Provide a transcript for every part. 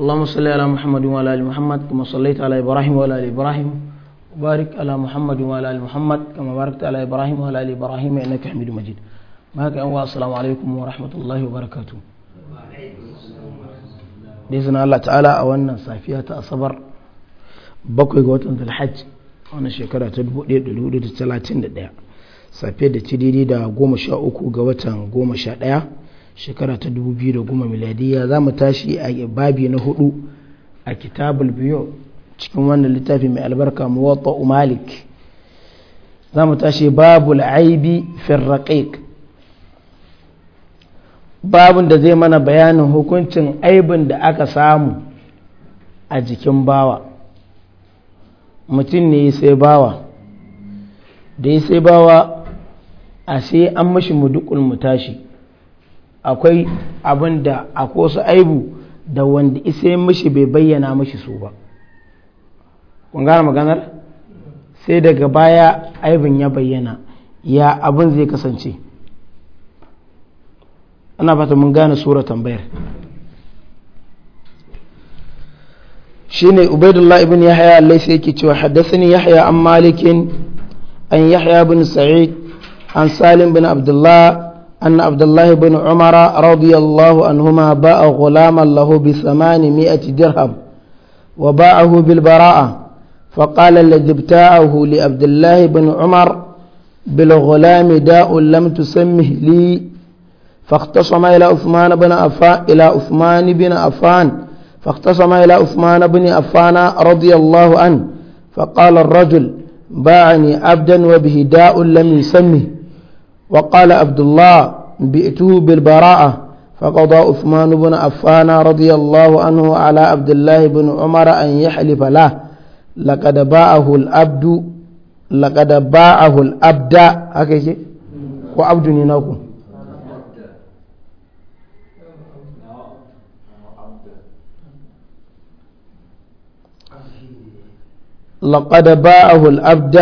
اللهم صل على محمد وعلى ال محمد كما صليت على ابراهيم وعلى ال ابراهيم وبارك على محمد وعلى ال محمد كما باركت على ابراهيم وعلى ال ابراهيم انك حميد مجيد ما كان السلام عليكم ورحمه الله وبركاته باذن الله تعالى a wannan safiya ta asabar bakwai ga watan Zulhajj wannan shekara ta 1431 safiya da ci da 13 ga watan 11 shekara ta 2010 miladiyya za mu tashi a babi na hudu a kitabul biyu cikin wannan littafi mai albarka muwatta malik za mu tashi babu aibi firraƙaik babin da zai mana bayanin hukuncin aibin da aka samu a jikin bawa mutum ne sai bawa da ya sai bawa a sai an mashi mudukul tashi. akwai abin da akwai aibu da wanda isa mashi bai bayyana mashi su ba kun maganar sai daga baya aibin ya bayyana ya abin zai kasance ana fata mun gane sura tambayar shine ubaidullah ibn yahya sai yake cewa haddathani yahya an malikin an yahya bin sa'id an salim bin abdullah أن عبد الله بن عمر رضي الله عنهما باع غلاما له بثمانمائة درهم وباعه بالبراءة فقال الذي ابتاعه لعبد الله بن عمر بالغلام داء لم تسمه لي فاختصم إلى عثمان بن عفان إلى عثمان بن عفان فاختصم إلى عثمان بن عفان رضي الله عنه فقال الرجل باعني عبدا وبه داء لم يسمه وقال عبد الله بئته بالبراءة فقضى عثمان بن عفان رضي الله عنه على عبد الله بن عمر أن يحلف له لقد باعه الأبد لقد باعه الأبد هكذا وعبد نيناكم لقد باعه الأبد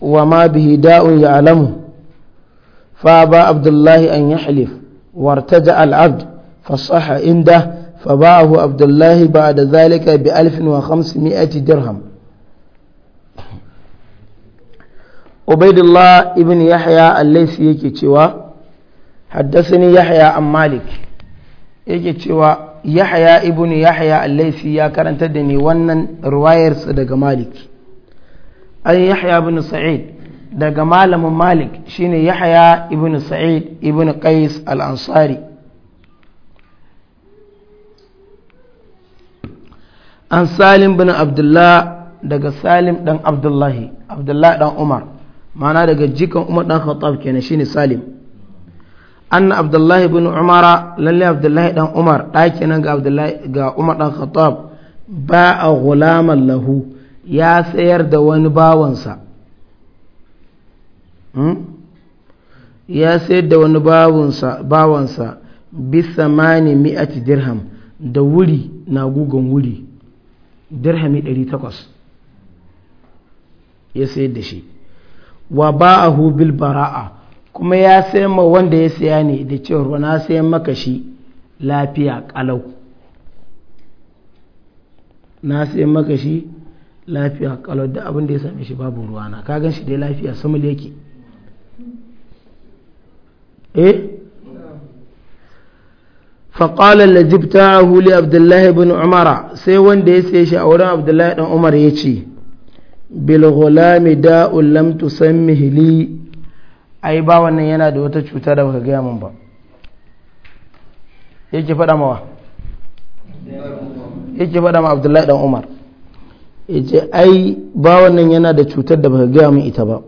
وما به داء يعلمه فأبى عبد الله أن يحلف وارتجع العبد فصح عنده فباعه عبد الله بعد ذلك بألف وخمسمائة درهم عبيد الله ابن يحيى الليثي يكي تشوا حدثني يحيى عن مالك يكي تشوا يحيى ابن يحيى الليثي يا كرنت دني ونن رواير صدق مالك an yahya ibn sa'id daga malamin malik shine yahya ibn sa'id ibn qais al-ansari an salim bin abdullah daga salim dan abdullahi abdullahi dan umar mana daga jikan umar dan khattab kenan shine salim anna abdullahi bin umara lallai abdullahi ɗan umar ɗaki ga abdullahi ga umar ɗan khattab ba a hulama lahu ya tsayar da wani bawansa hmm? ya sayar da wani bawansa bisa mani mi'ati dirham da wuri na gugun wuri dirhami 800 ya sayar da shi wa ba'ahu bil bara'a kuma ya sayar ma wanda ya saya ne da cewar na sayan maka shi lafiya kalau na sayan maka shi lafiya kalar da abin da ya same shi babu ruwana ka gan shi dai lafiya sama da yake eh faƙala la a huli abdullahi bin umara sai wanda ya sai shi a wurin abdullahi dan umar ya ce bilgulami da ulam tu ai ba wannan yana da wata cuta da baka gaya mun ba yake faɗa mawa yake ma abdullahi dan umar yace ai bawan nan yana da cutar da baka gaya min ita ba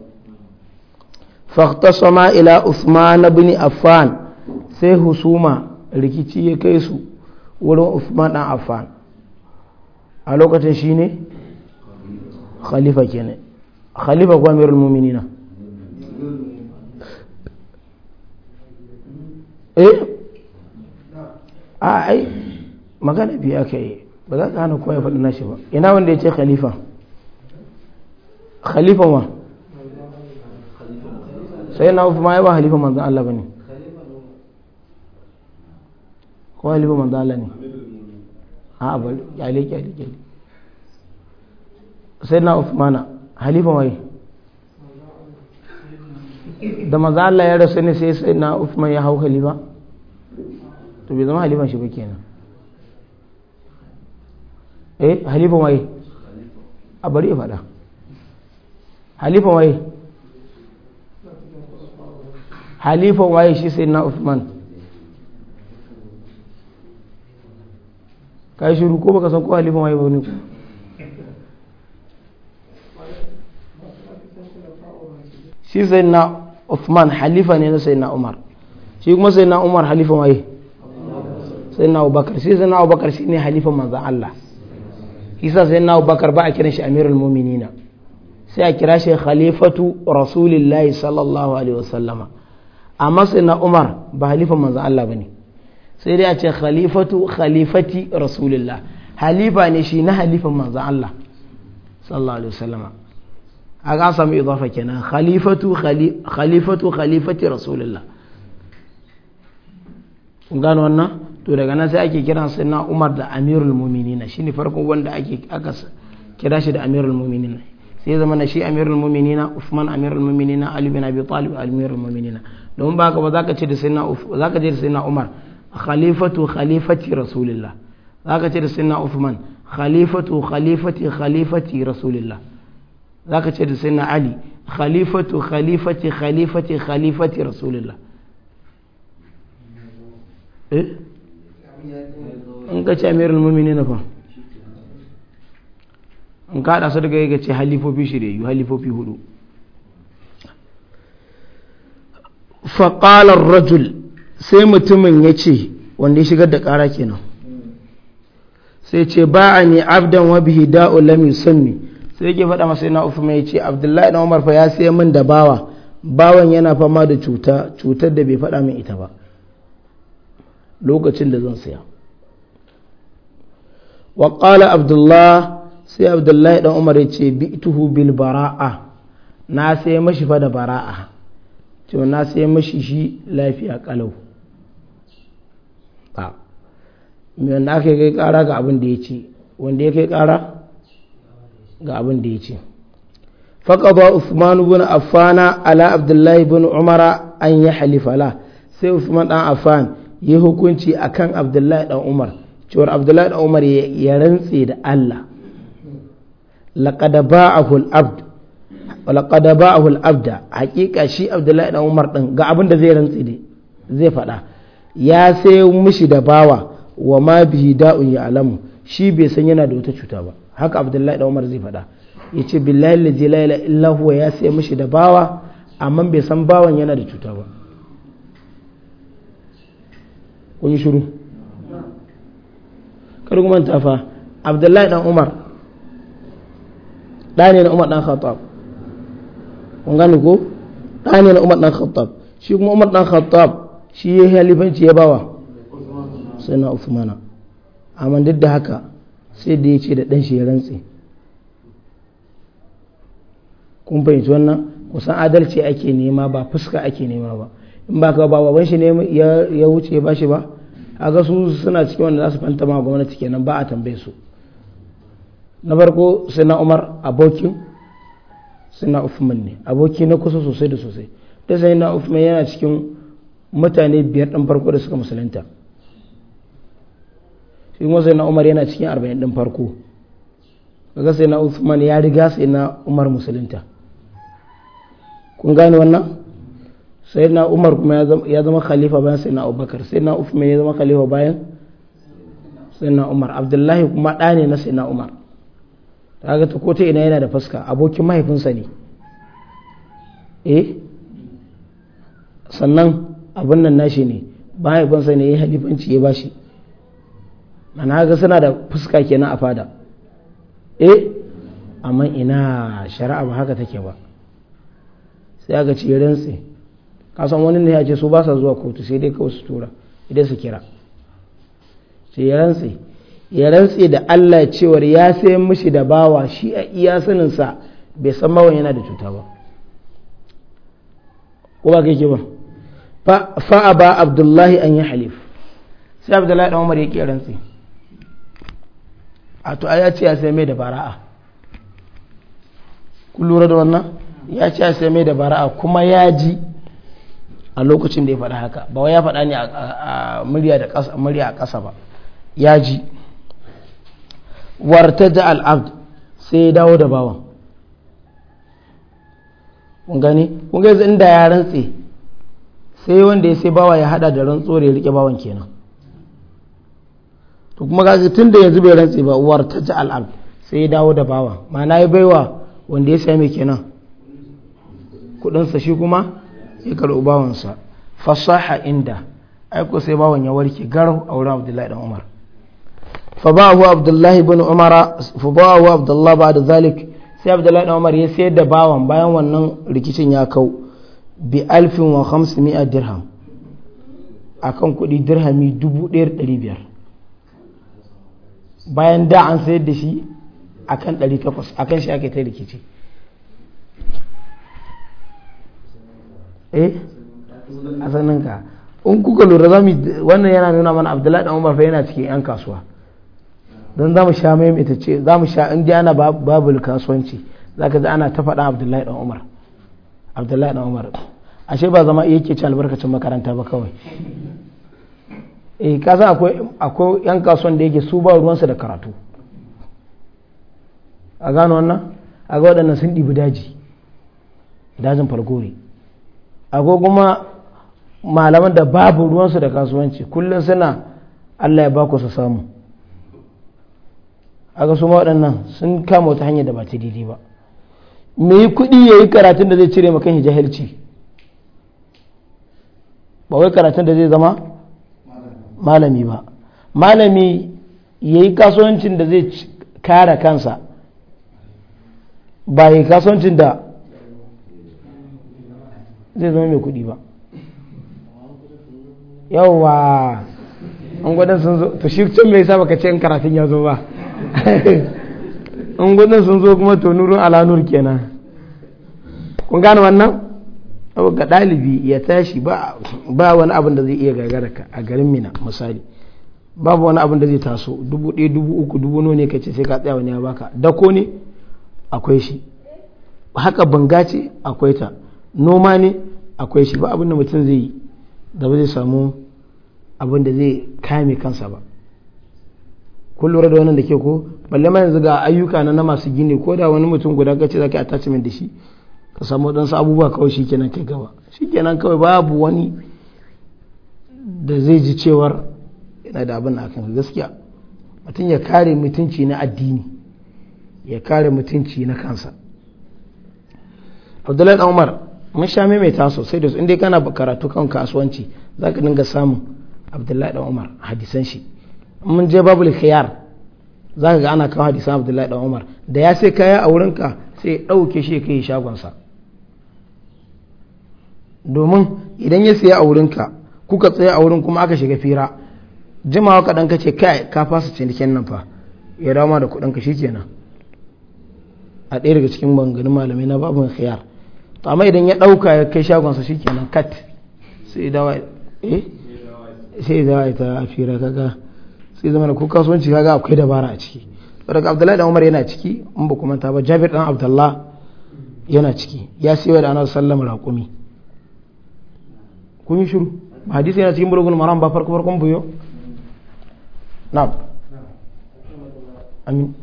faqtasama ila usman ibn Affan sai husuma rikici ya kai su wurin usman dan Affan a lokacin shine khalifa kenan khalifa ko amirul mu'minina eh a ai magana biya kai ba za ka hana kowa ya faɗi nashi ba ina wanda ya ce khalifa khalifa ma sai na ma ya ba khalifa manzo Allah bane ne ko khalifa manzo Allah ne a ya le kyale kyale kyale sai na mana khalifa wai da manzo Allah ya rasu ne sai sai na Uthman ya hau khalifa to bai zama khalifa shi ba kenan Eh, halifa waye a bari ya faɗa halifa waye halifa waye shi sai na Uthman kai shiru ko baka san ko halifa waye ba ne ku shi sai na Uthman halifa ne na sai na Umar shi kuma sai na Umar halifa waye sai na Abubakar shi sai na Abubakar shi ne halifa manzan Allah isa sai na abubakar ba a kira shi amirul muminina sai a kira shi khalifatu rasulillahi sallallahu alaihi wasallama amma sai na umar ba halifan manzo Allah bane sai dai a ce khalifatu khalifati rasulillah halifa ne shi na halifan manzo Allah sallallahu alaihi wasallama a ga samu idafa kenan khalifatu khalifatu khalifati rasulillah gano wannan to daga nan sai ake kiran sai na umar da amirul muminina shi ne farkon wanda ake aka kira shi da amirul muminina sai zama na shi amirul muminina usman amirul muminina ali bin abi talib amirul muminina domin ba ka ba zaka ce da sayyidina zaka ce da sayyidina umar khalifatu khalifati rasulillah zaka ce da sayyidina usman khalifatu khalifati khalifati rasulillah zaka ce da sayyidina ali khalifatu khalifati khalifati khalifati rasulillah eh in ka ce amirul mumini na fa in ka haɗa su daga ya ce halifofi halifofi hudu faƙalar rajul sai mutumin ya ce wanda ya shigar da ƙara kenan sai ce ba a ne abdan wa bihi lami lam yusanni sai ke faɗa masa yana ufu mai ce abdullahi na umar fa ya sai min da bawa bawan yana fama da cuta cutar da bai faɗa min ita ba lokacin da zan saya wa qala abdullah sai abdullahi dan umar ya ce bi'tuhu bil bara'a na sai mashi fa da bara'a to na sai mashi shi lafiya kalau a me na kai kai kara ga abin da ya ce wanda ya kai kara ga abin da ya ce فقضى usman بن affana ala عبد الله umara an أن halifala sai usman عثمان بن yi hukunci a kan abdullahi Ɗan umar cewar abdullahi Ɗan umar ya rantse da allah laƙada ba a hul'abda haƙiƙa shi abdullahi Ɗan umar ɗin ga abin da zai rantse ne zai faɗa ya sai mishi da bawa wa ma bihi da'un ya alamu shi bai san yana da wata cuta ba haka abdullahi Ɗan umar zai faɗa ya ce billahi la ilaha ya sai mishi da bawa amma bai san bawan yana da cuta ba kun yi shiru kuma ta fa abdullahi dan umar ɗane na umar dan khattab kun gani ko ɗane na umar dan khattab shi kuma umar dan khattab shi ya halifanci ya bawa sai na usmana amma duk da haka sai da ya ce da ɗan shi ya rantse kun fahimci wannan kusan adalci ake nema ba fuska ake nema ba in ba ka baban shi ne ya wuce ba shi ba a ga su suna cikin wanda za su fanta ma gwamnati kenan ba a tambaye su na farko sai na umar abokin sai na ufuman ne aboki na kusa sosai da sosai da sai na ufuman yana cikin mutane biyar ɗan farko da suka musulunta shi kuma sai na umar yana cikin arba'in ɗin farko ga sai na ufuman ya riga sai na umar musulunta kun gane wannan sai na umar kuma ya zama khalifa bayan sai na abubakar sai na uthman ya zama khalifa bayan sai na umar abdullahi kuma ɗa ne na sai na umar kaga ta ko ta ina yana da fuska abokin mahaifinsa ne eh sannan abin nan nashi ne mahaifinsa ne ya halifanci ya bashi mana ga suna da fuska kenan a fada eh amma ina shari'a ba haka take ba sai aka ce rantsi kasan wani ne ya ce su ba sa zuwa kotu sai dai kawai su tura idan su kira sai ya rantse ya rantse da Allah cewar ya sai mishi da bawa shi a iya saninsa bai san bawan yana da cuta ba ko ba kai ke ba fa'a ba abdullahi an yi halif sai abdullahi dan umar ya ki rantse a to ya ce ya sai mai da bara'a kun lura da wannan ya ce ya sai mai da bara'a kuma ya ji a lokacin da ya faɗa haka ba wai ya faɗa ne a murya da ƙasa murya a ƙasa ba ya ji wartaja al-abd sai ya dawo da bawan kun gani kun ga yanzu inda ya rantse sai wanda ya sai bawa ya hada da rantso da ya rike bawan kenan to kuma ga tun da yanzu bai rantse ba wartaja al-abd sai ya dawo da bawan ma'ana ya baiwa wanda ya sai mai kenan kudin sa shi kuma sai karɓi bawansa fasaha inda aiko sai bawan ya warke garau a wurin abdullahi dan umar fa عبد الله بن عمر فباعه عبد الله bada zalik sai abdullahi dan umar ya sayar da bawan bayan wannan rikicin ya kau bi alfin wa hamsimiya dirham akan kuɗi dirhami dubu ɗaya ɗari biyar bayan da an sayar da shi akan ɗari takwas akan shi ake ta rikici eh asalin ka in kuka lura za mu wannan yana nuna mana abdullahi dan umar fa yana cikin yan kasuwa don za mu sha maimaita ce za mu sha in ji ana babul kasuwanci za ka ji ana ta faɗa abdullahi dan umar abdullahi dan umar ashe ba zama yake ci albarkacin makaranta ba kawai eh san akwai akwai yan kasuwan da yake su ba ruwansu da karatu a gano wannan a ga waɗannan sun ɗibi daji dajin falgore akwai kuma malaman da babu ruwansu da kasuwanci kullum suna allah ya ba ku su samu a ga su waɗannan sun kama wata hanyar da ba ta daidai ba me yi kuɗi ya yi karatun da zai cire makan jahilci ba wai karatun da zai zama malami ba malami ya yi kasuwancin da zai kare kansa ba yi kasuwancin da zai zama mai kuɗi ba yawa an gudun sun zo to shi can mai saba ka ce in karatun ya zo ba an gudun sun zo kuma to nurun alanur kenan kun gane wannan abu ga ɗalibi ya tashi ba wani abin da zai iya gagara ka a garin mina misali babu wani abin da zai taso dubu ɗaya dubu uku dubu nuna ne sai ka tsaya wani ya baka dako ne akwai shi haka banga ce akwai ta noma ne akwai shi ba abin da mutum zai yi da ba zai samu abin da zai kame kansa ba kun lura da wannan da ke ko balle ma yanzu ga ayyuka na na masu gini ko da wani mutum guda za zaka attachment da shi ka samu waɗansu abubuwa kawai shikenan kai gaba shikenan kawai babu wani da zai ji cewar yana da abin akan gaskiya mutum ya kare mutunci na addini ya kare mutunci na kansa Abdullahi Umar mun sha maimaita sosai da su inda kana karatu kan kasuwanci za ka dinga samun abdullahi dan umar hadisan shi mun je babul khiyar za ka ga ana kawo hadisan abdullahi dan umar da ya sai kaya a wurinka sai ɗauke shi kai shagonsa domin idan ya saya a wurinka kuka tsaya a wurin kuma aka shiga fira jimawa kaɗan ka ce kai ka fasa cinikin nan fa ya dawo ma da kuɗinka shikenan a ɗaya daga cikin maganganun malamai na babu khiyar to amma idan ya ɗauka ya kai shagonsa sa shikenan kat sai dawa eh sai dawa ita fira kaga sai zama ko kasuwanci kaga akwai dabara a ciki daga abdullahi dan umar yana ciki in ba kuma ta ba jabir dan abdullah yana ciki ya siyo da annabi sallallahu alaihi wasallam kun shiru hadisi yana cikin bulugul maram ba farko farkon buyo na'am amin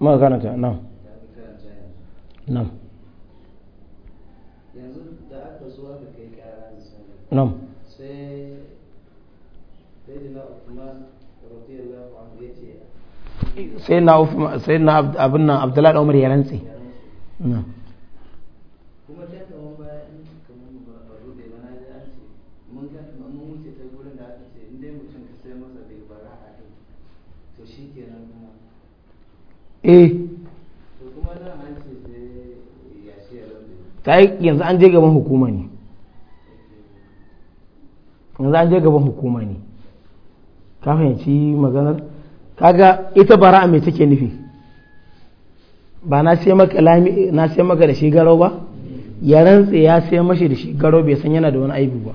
muka karanta nan nan yanzu da aka zo aka kai kara misali nan sai sayyidina Uthman sai na sai na abin nan Abdullahi Umar ya rantsi kuma Eh. kai yanzu an je gaban hukuma ne yanzu an je gaban hukuma ne ka fahimci maganar kaga ita bara mai take nufi ba na sai maka lami na sai maka da shi garo ba ya rantsa ya sai mashi da shi garo bai san yana da wani aibu ba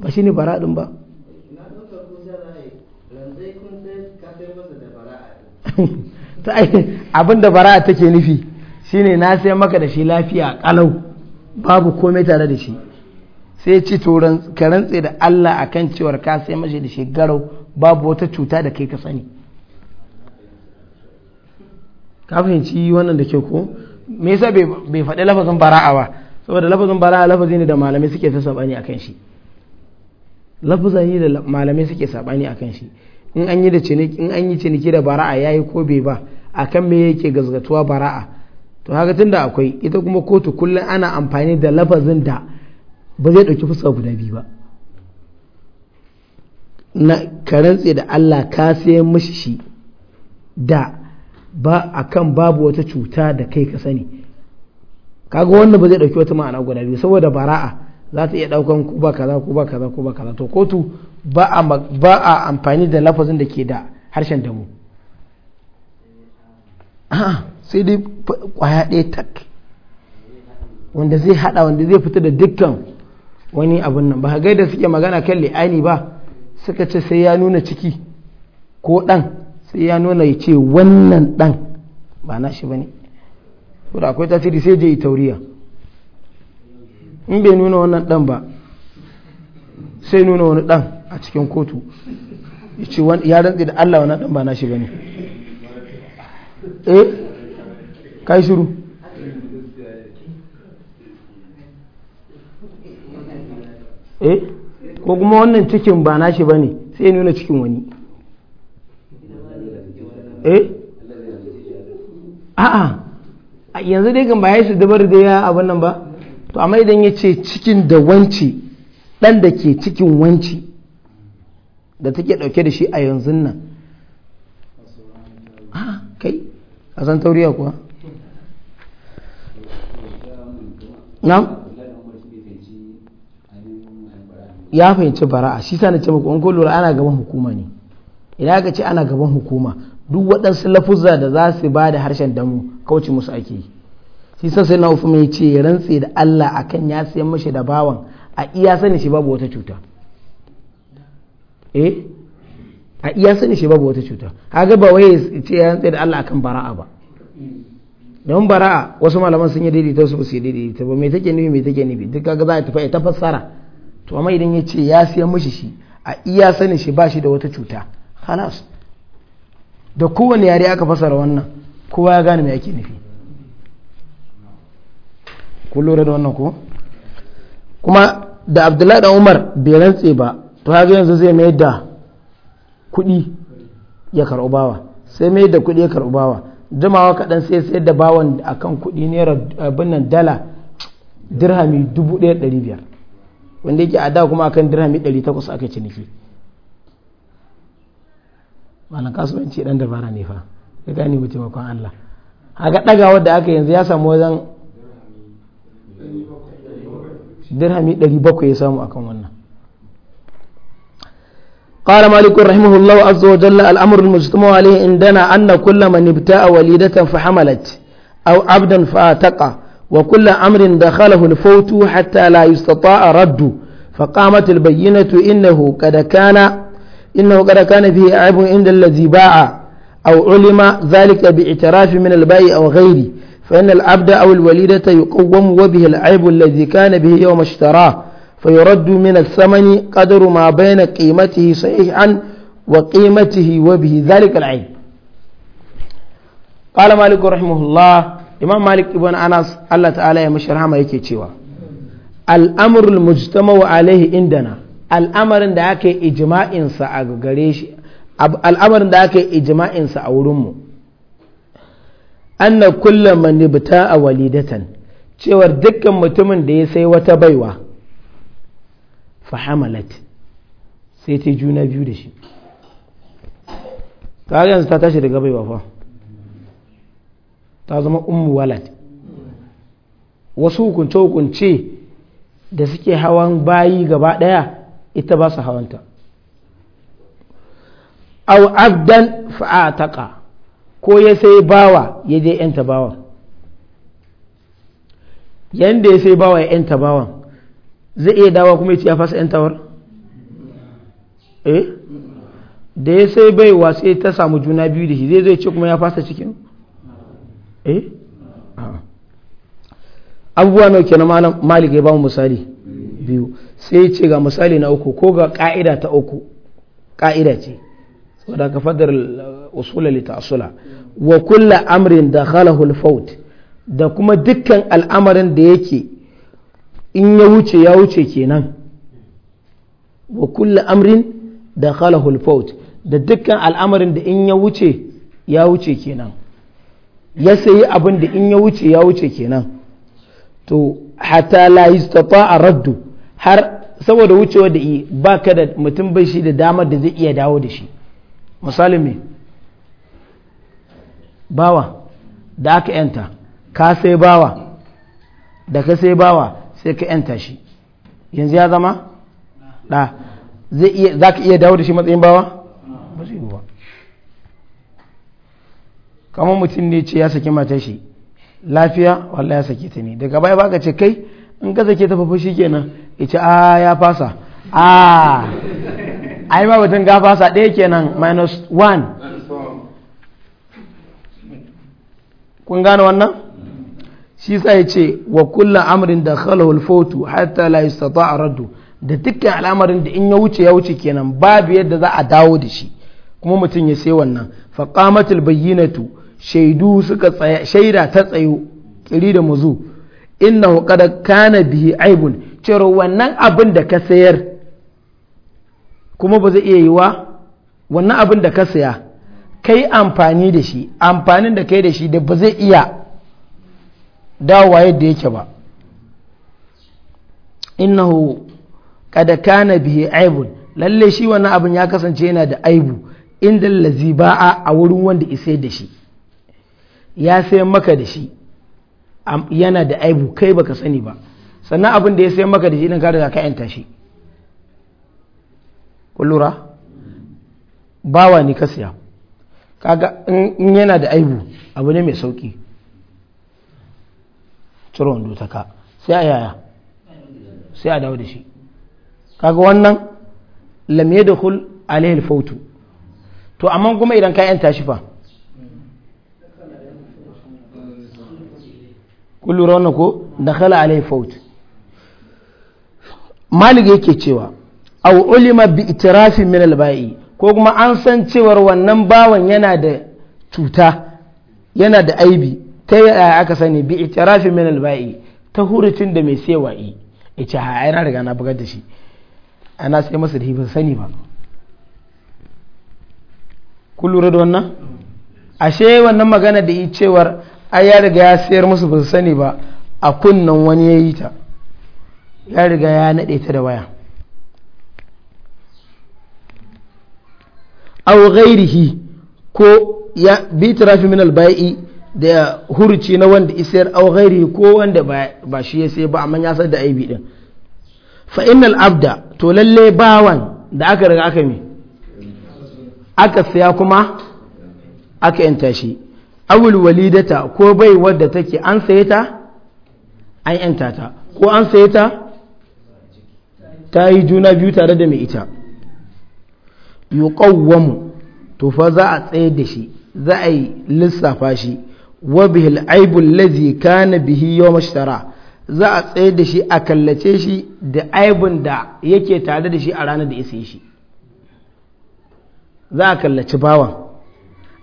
ba shine bara din ba abin da bara'a take nufi shine na sai maka da shi lafiya kalau babu komai tare da shi sai ci turan ka rantse da Allah akan cewar ka sai mashi da shi garau babu wata cuta da kai ka sani ka fahimci wannan da ke ko me yasa bai faɗi lafazin bara'a ba saboda lafazin bara'a lafazi ne da malamai suke ta sabani akan shi ne da malamai suke sabani akan shi in an yi da ciniki in an yi ciniki da bara'a yayi ko bai ba akan me yake gazgatuwa bara'a to haka tunda akwai ita kuma kotu kullum ana amfani da lafazin da ba zai dauki fuska guda biyu ba na karantse da Allah ka sai mishi shi da ba akan babu wata cuta da kai ka sani kaga wannan ba zai dauki wata ma'ana guda biyu saboda bara'a za ta iya daukan ku ba kaza ku ba kaza ku ba kaza to kotu ba a amfani da lafazin da ke da harshen damu sai dai kwaya ɗaya tak wanda zai hada wanda zai fita da dukkan wani abin nan ba ga gaida suke magana kan li'ani ba suka ce sai ya nuna ciki ko ɗan sai ya nuna ya ce wannan ɗan ba na shi ba ne akwai tasiri sai je yi tauriya in bai nuna wannan ɗan ba sai nuna wani dan a cikin kotu ya ce ya rantsi da Allah wani dan ba na shi bane eh kai shiru eh ko kuma wannan cikin ba na shi bane sai nuna cikin wani eh a'a yanzu dai kan ba ya shi dabar da ya abin nan ba to amma idan ya ce cikin da wance ɗan da ke cikin wanci da take ɗauke da shi a yanzu nan a ah, kai a san tauriya kuwa na ya fahimci bara'a shi sa na ce maka ko lura ana gaban hukuma ne idan aka ce ana gaban hukuma duk waɗansu lafuzza da za su ba da harshen damu kauce musu ake yi shi sa sai na ufu mai ce rantse da Allah akan ya sayan mashi da bawan a iya sani shi babu wata cuta eh a iya sani shi babu wata cuta haka ba wai ce ya da Allah akan bara'a ba don bara'a wasu malaman sun yi daidaita su su yi daidaita ba me take nufi me take nufi duk kaga za a tafi ta fassara to amma idan ya ce ya siya mishi shi a iya sani shi ba shi da wata cuta halas da kowane yare aka fassara wannan kowa ya gane me ake nufi kun lura da wannan ko kuma da abdullahi Dan umar bai rantse ba to haka yanzu zai mai da kuɗi ya karɓi bawa sai mai da kuɗi ya karɓi bawa jimawa kaɗan sai sai da bawan a kan kuɗi naira abin nan dala dirhami 1500 wanda yake a da kuma kan dirhami 800 aka ciniki Malam kasuwanci dan dabara ne fa ya gane mu taimakon Allah haka ɗagawa da aka yanzu ya samu wajen dirhami 700 ya samu akan wannan قال مالك رحمه الله عز وجل الأمر المجتمع عليه عندنا أن كل من ابتاع وليدة فحملت أو عبدا فأتقى وكل أمر دخله الفوت حتى لا يستطاع رد فقامت البينة إنه قد كان إنه قد كان فيه عيب عند الذي باع أو علم ذلك باعتراف من البائع أو غيره فإن العبد أو الوليدة يقوم وبه العيب الذي كان به يوم اشتراه فيرد من الثمن قدر ما بين قيمته صحيحا وقيمته وبه ذلك العيب قال مالك رحمه الله إمام مالك ابن أنس الله تعالى يمشرها ما يكيشيوا الأمر المجتمع عليه عندنا الأمر da ake ijma'insa a gare shi al'amarin da ake ijma'insa a wurinmu anna kulla man a walidatan cewar dukkan mutumin da ya sai wata baiwa fa hamalat sai ta juna biyu da shi ta yanzu ta tashi daga baiwa fa ta zama ummu walad wasu hukunce hukunce da suke hawan bayi gaba daya ita ba su hawanta aw abdan fa'ataka ko ya sai bawa ya je yanta bawan yanda ya sai bawa ya yanta bawan zai iya dawa kuma ya ci ya fasa yantawar eh da ya sai baiwa sai ta samu juna biyu da shi zai zai ce kuma ya fasa cikin eh abubuwa nau kenan malam malik ya ba mu misali biyu sai ce ga misali na uku ko ga ka'ida ta uku ka'ida ce saboda ka fadar uh, usula li ta'sula wa kulla amrin da khalahul faut da kuma dukkan al'amarin da yake in ya wuce ya wuce kenan wa kulla amrin da khalahul faut da dukkan al'amarin da in ya wuce ya wuce kenan ya sayi abin da in ya wuce ya wuce kenan to hatta la yastata a raddu har saboda wucewa da yi ba da mutum bai shi da damar da zai iya dawo da shi misali me bawa da aka yanta ka sai bawa da ka sai bawa sai ka yanta shi yanzu ya zama da zai iya za ka iya dawo da shi matsayin bawa ba kamar mutum ne ce ya saki mata shi lafiya wallahi ya saki ta ne daga baya baka ce kai in ka sake ta fafashi kenan ya ce a ya fasa a ai ma batun ga fasa ɗaya kenan minus one kun gane wannan shi sa ya ce wa kulla amrin da khalahul fautu hatta la yastata raddu da dukkan al'amarin da in ya wuce ya wuce kenan babu yadda za a dawo da shi kuma mutum ya sai wannan fa qamatul bayyinatu shaidu suka tsaya shaida ta tsayo kiri da muzu innahu qad kana bihi aibun cewa wannan abin da ka sayar kuma ba zai iya yiwa wannan abin da ka saya kai amfani da shi amfanin da kai da shi da ba zai iya dawowa yadda yake ba innahu kada kana bihi aibun lalle shi wannan abin ya kasance yana da aibu inda lazi ba'a a wurin wanda isa da shi ya sai maka da shi yana da aibu kai baka sani ba sannan abin da ya sai maka da shi idan ka riga ka yanta shi lura bawa ni ka siya kaga in yana da aibu abu ne mai sauki ciro wando ta ka sai a yaya sai a dawo da shi kaga wannan lamye da hul alayhi al fautu to amma kuma idan ka yanta shi fa kullum rawana ko dakhala alayhi fautu malik yake cewa a ulima bi itirafi min al ko kuma an san cewar wannan bawan yana da cuta yana da aibi ta yi aka sani bi itirafi min alba'i ta hurucin da mai sai wa'i ita ha yana riga na bugar da shi ana sai masa da sani ba kun lura da wannan ashe wannan magana da yi cewar a ya riga ya sayar masu ba su sani ba a kunnan wani ya yi ta ya riga ya naɗe ta da waya aw ghairihi ko ya bi tirafi min albai da hurci na wanda isayar aw ghairihi ko wanda ba shi ya sai ba amma ya san da aibi din fa innal abda to lalle bawan da aka riga aka mi aka saya kuma aka yanta shi awul walidata ko bai wadda take an saye an yanta ta ko an saye ta ta yi juna biyu tare da mai ita yuqawwamu to fa za a tsaye da shi za a yi lissafa shi wa bihil aibu allazi kana bihi yawm ashtara za a tsaye da shi a kallace shi da aibun da yake tare da shi a ranar da isa shi za a kallaci bawan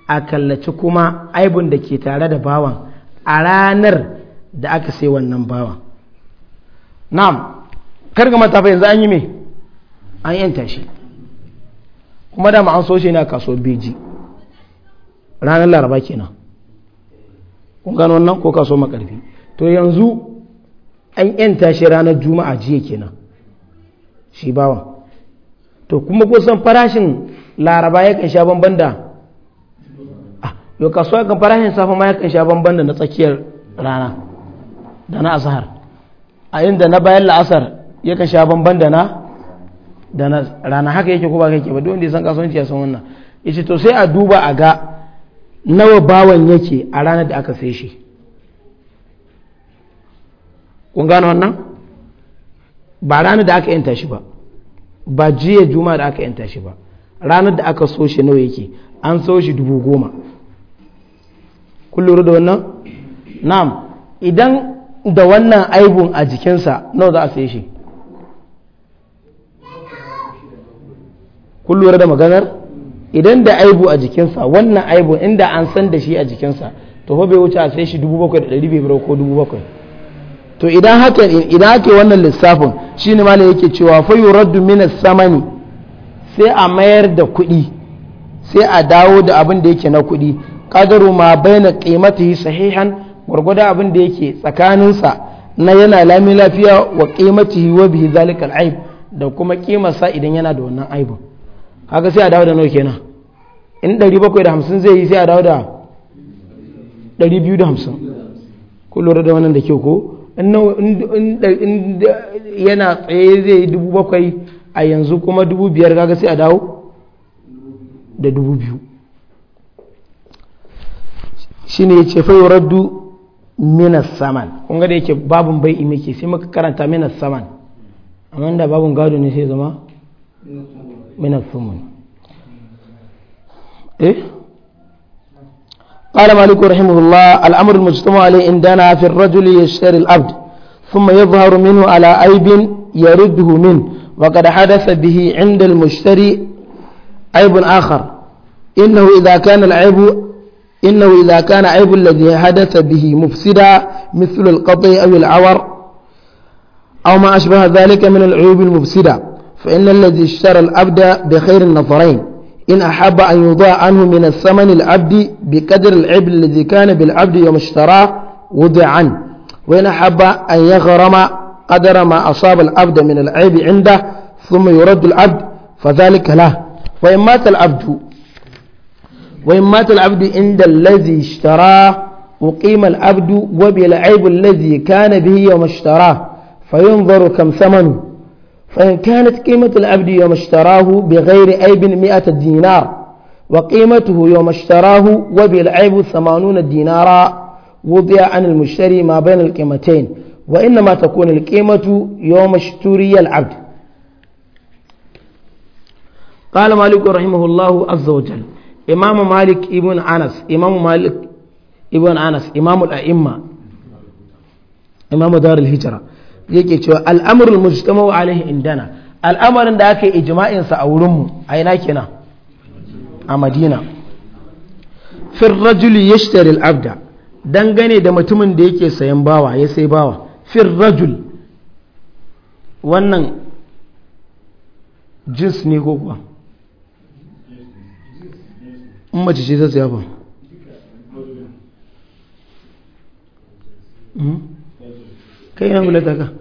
a kallaci kuma aibun da ke tare da bawan a ranar da aka sai wannan bawan na'am karga matafa yanzu an yi me an yanta shi kuma da ma'an so na ne a beji ranar laraba kenan kun gano wannan ko kaso makarfi to yanzu an yanta shi ranar juma'a jiya kenan shi bawa to kuma kusan farashin laraba yakan sha banban da yau kasuwa kan farashin safa ma yakan sha banban da na tsakiyar rana da na asahar a inda na bayan la'asar yakan sha banban da na da rana haka yake ko ba yake ba duk wanda ya san kasuwanci ya san wannan yace to sai a duba a ga nawa bawan yake a ranar da aka sai shi kun gano wannan ba ranar da aka yanta shi ba ba jiya juma'a da aka yanta shi ba ranar da aka so shi nawa yake an so shi dubu goma kun lura da wannan na'am idan da wannan aibun a jikinsa nawa za a sai shi kun da maganar idan da aibu a jikinsa wannan aibu inda an san da shi a jikinsa to fa bai wuce a sai shi dubu bakwai da ko dubu bakwai to idan haka idan ake wannan lissafin shi ne malam yake cewa fa yuraddu min samani sai a mayar da kuɗi sai a dawo da abin da yake na kuɗi kadaru ma baina qimatihi sahihan gurgurda abin da yake tsakaninsa na yana lami lafiya wa qimatihi wa bihi zalikal aib da kuma kimarsa idan yana da wannan aibin haka sai a dawo da nauke na in 750 zai yi sai a dawo da 250 kullum da wannan da kyau ko in yana tsaye zai yi 700 a yanzu kuma 500 kaga sai a dawo da 2,000 shi ne ya ce fai raddu minas saman kunga da yake babin bai imake sai muka karanta minas saman amma da babin gado ne sai zama من الثمن إيه؟ قال مالك رحمه الله الأمر المجتمع عليه عندنا في الرجل يشتري الأرض ثم يظهر منه على عيب يرده منه وقد حدث به عند المشتري عيب آخر إنه إذا كان العيب إنه إذا كان عيب الذي حدث به مفسدا مثل القطع أو العور أو ما أشبه ذلك من العيوب المفسده فإن الذي اشترى العبد بخير النظرين إن أحب أن يضاع عنه من الثمن العبد بقدر العبد الذي كان بالعبد يوم اشتراه وضع عنه وإن أحب أن يغرم قدر ما أصاب العبد من العيب عنده ثم يرد العبد فذلك له وإن مات العبد وإن مات العبد عند الذي اشتراه أقيم العبد وبالعيب الذي كان به يوم اشتراه فينظر كم ثمنه فإن كانت قيمة العبد يوم اشتراه بغير عيب مئة دينار وقيمته يوم اشتراه وبالعيب ثمانون دينارا وضع عن المشتري ما بين القيمتين وإنما تكون القيمة يوم اشتري العبد قال مالك رحمه الله عز وجل إمام مالك ابن أنس إمام مالك ابن أنس إمام الأئمة إمام دار الهجرة yake cewa al'amrul mujtama'u alaihi indana al'amarin da aka yi ijma'in sa a wurinmu mu a ina a Madina fir rajuli ya al-abda dangane da mutumin da yake sayan bawa ya sai bawa fir rajul wannan jins ne ko kuwa in mace ce ta hmm? kai yana ka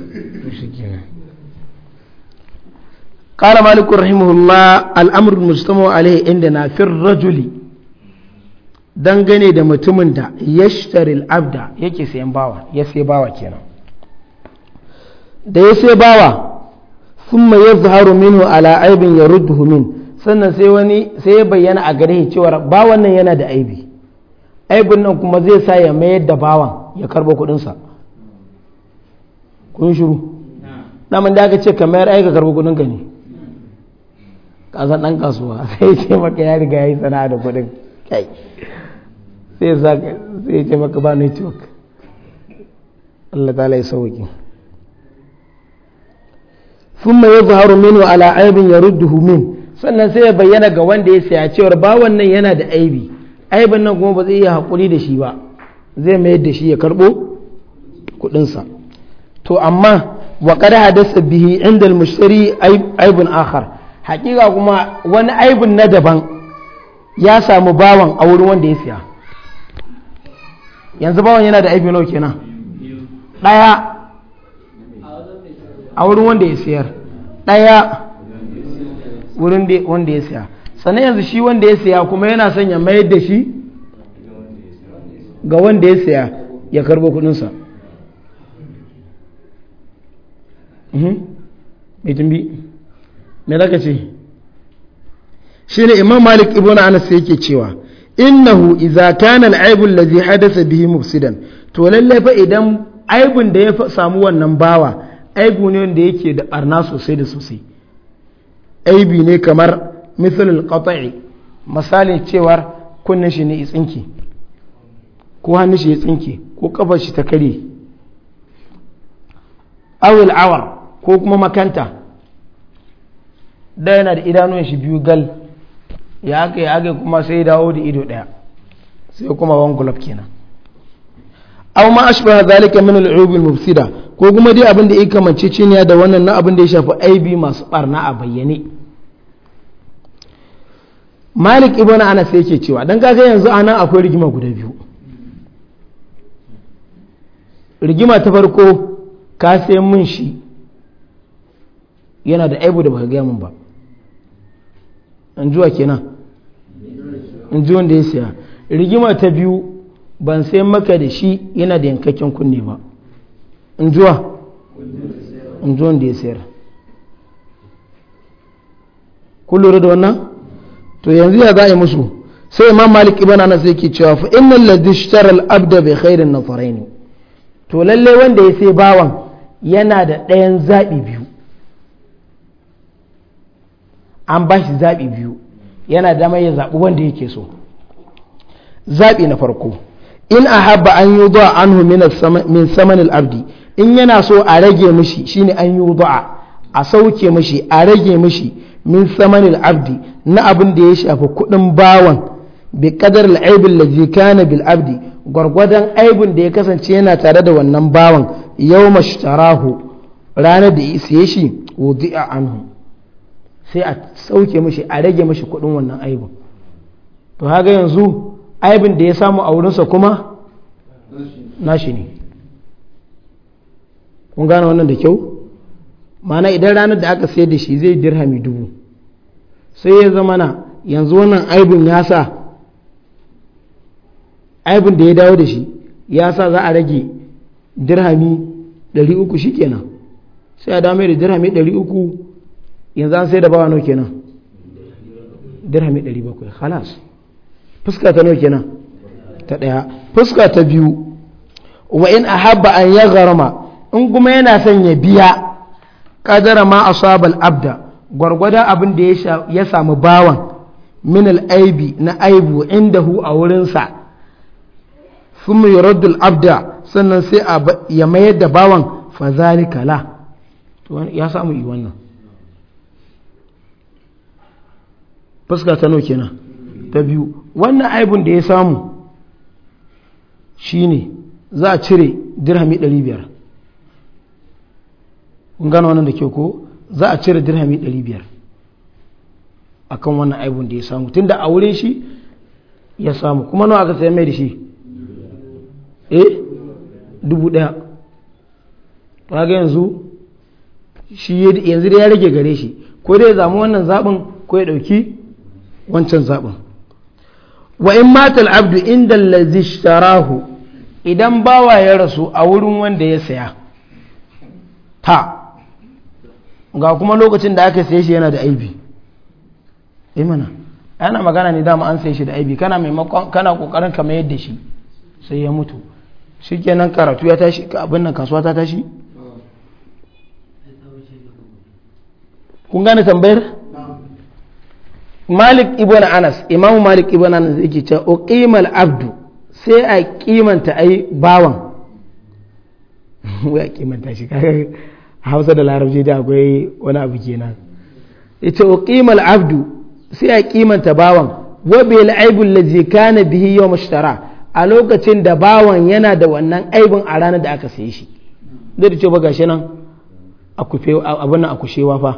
قال مالك رحمه الله الأمر المجتمع عليه عندنا في الرجل dangane da mutumin da ya shtaril abda yake sayan bawa ya sai bawa kenan da ya sai bawa sun zaharu ala aibin ya sannan sai wani sai ya bayyana a gare cewa bawan nan yana da aibi aibin nan kuma zai sa ya mayar da bawan ya karɓo kuɗinsa. kun shiru da aka ce ka mayar aika karba kuɗinka ne kasan ɗan kasuwa sai ce maka ya riga ya yi sana'a da kuɗin kai sai ce maka ba network Allah ta lai sauki thumma yadhharu minhu ala aibin yarudduhu min sannan sai ya bayyana ga wanda ya saya cewar bawan nan yana da aibi aibin nan kuma ba zai iya hakuri da shi ba zai mayar da shi ya karɓo kuɗinsa to amma wa qad hadasa bihi inda al-mushtari aibun akhar hakika kuma wani aibin na daban ya samu bawan a wurin wanda ya siya yanzu bawan yana da aibi nau kenan ɗaya a wurin wanda ya siyar ɗaya wurin wanda ya siya sannan yanzu shi wanda ya siya kuma yana sanya ya mayar da shi ga wanda ya siya ya karbo kudinsa mhm. mai tumbi me zaka ce shine imam malik ibn anas yake cewa innahu idza kana al-aibu allazi hadasa bihi mufsidan to lalle fa idan aibun da ya samu wannan bawa aibu ne wanda yake da arna sosai da sosai aibi ne kamar al qata'i misali cewar kunnen shi ne tsinki ko hannun shi ya tsinke ko kafar shi ta kare awil awar ko kuma makanta da yana da idanun shi biyu gal ya aka ya aka kuma sai dawo da ido daya sai kuma wan gulab kenan aw ma ashbaha zalika min al al-mufsida ko kuma dai abin da yake kamance ciniya da wannan na abin da ya shafi aibi masu barna a bayyane Malik ibn Anas yake cewa dan kaga yanzu anan akwai rigima guda biyu rigima ta farko ka sai mun shi yana da aibu da baka gaya mun ba in juwa kenan in ji wanda ya siya rigima ta biyu ban sai maka da shi yana da yankakken kunne ba in juwa in ji wanda ya siyar. kun lura da wannan to yanzu ya za yi musu sai imam malik ibn sai saki cewa fa inna ladhi ishtara al-abda bi khairin nafarain to lalle wanda ya sai bawan yana da ɗayan zaɓi biyu an ba shi zaɓi biyu yana dama ya zaɓi wanda yake so zaɓi na farko in a haɓa an yi zuwa an min samanin abdi in yana so a rage mishi shine an yi zuwa a sauke mishi a rage mishi min samanin abdi na abin da ya shafi kuɗin bawan bi kadar al'aibin lazi kana bil abdi gwargwadon aibin da ya kasance yana tare da wannan bawan yau mashtarahu ranar da ya siye shi wuzi'a anhu sai a sauke mashi a rage mashi kuɗin wannan aibin to haga yanzu aibin da ya samu a wurinsa kuma nashi ne kun gane wannan da kyau mana idan ranar da aka sayar da shi zai dirhami dubu sai ya zama na yanzu wannan aibin ya sa aibin da ya dawo da shi ya sa za a rage dirhami 300 kenan sai a dame da dirhami 300 yanzu an sai da bawa nawa nan dirhami 700 halas fuska ta nawa nan ta daya fuska ta biyu wa in ahabba an ya garama in kuma yana son ya biya kadara ma asabal abda gwargwada abin da ya samu bawan min aibi na aibu inda hu! a wurinsa sun yuraddul abda sannan sai ya mayar da bawan fazalika la ya samu yi wannan fuska ta nau kenan ta biyu wannan aibun da ya samu shine za a cire dirhami 500 kun gano wannan da ke ko za a cire dirhami 500 akan wannan aibun da ya samu tun a aure shi ya samu kuma nawa aka sayan mai da shi eh dubu daya ga yanzu shi yanzu da ya rage gare shi ko dai zamu wannan zaɓin ko ya ɗauki wancan zaɓin wa in matal abdu inda lazish idan bawa ya rasu a wurin wanda ya saya ta ga kuma lokacin da aka saye shi yana da aibi imana eh ana magana ne dama an saye shi da aibi kana maimakon kana kokarin kama yadda shi sai ya mutu shi kenan karatu ya tashi abin nan kasuwa ta tashi kun gane tambayar malik ibn anas imamu malik ibn anas yake o qimal abdu sai a kimanta ai bawan wai a kimanta shi kaga hausa da larabci da akwai wani abu kenan yace qimal abdu sai a kimanta bawan wa bil aibul ladzi kana bihi yawm ishtara a lokacin da bawan yana da wannan aibin a ranar da aka saye shi zai da ce ba gashi nan a kufe abin a kushewa fa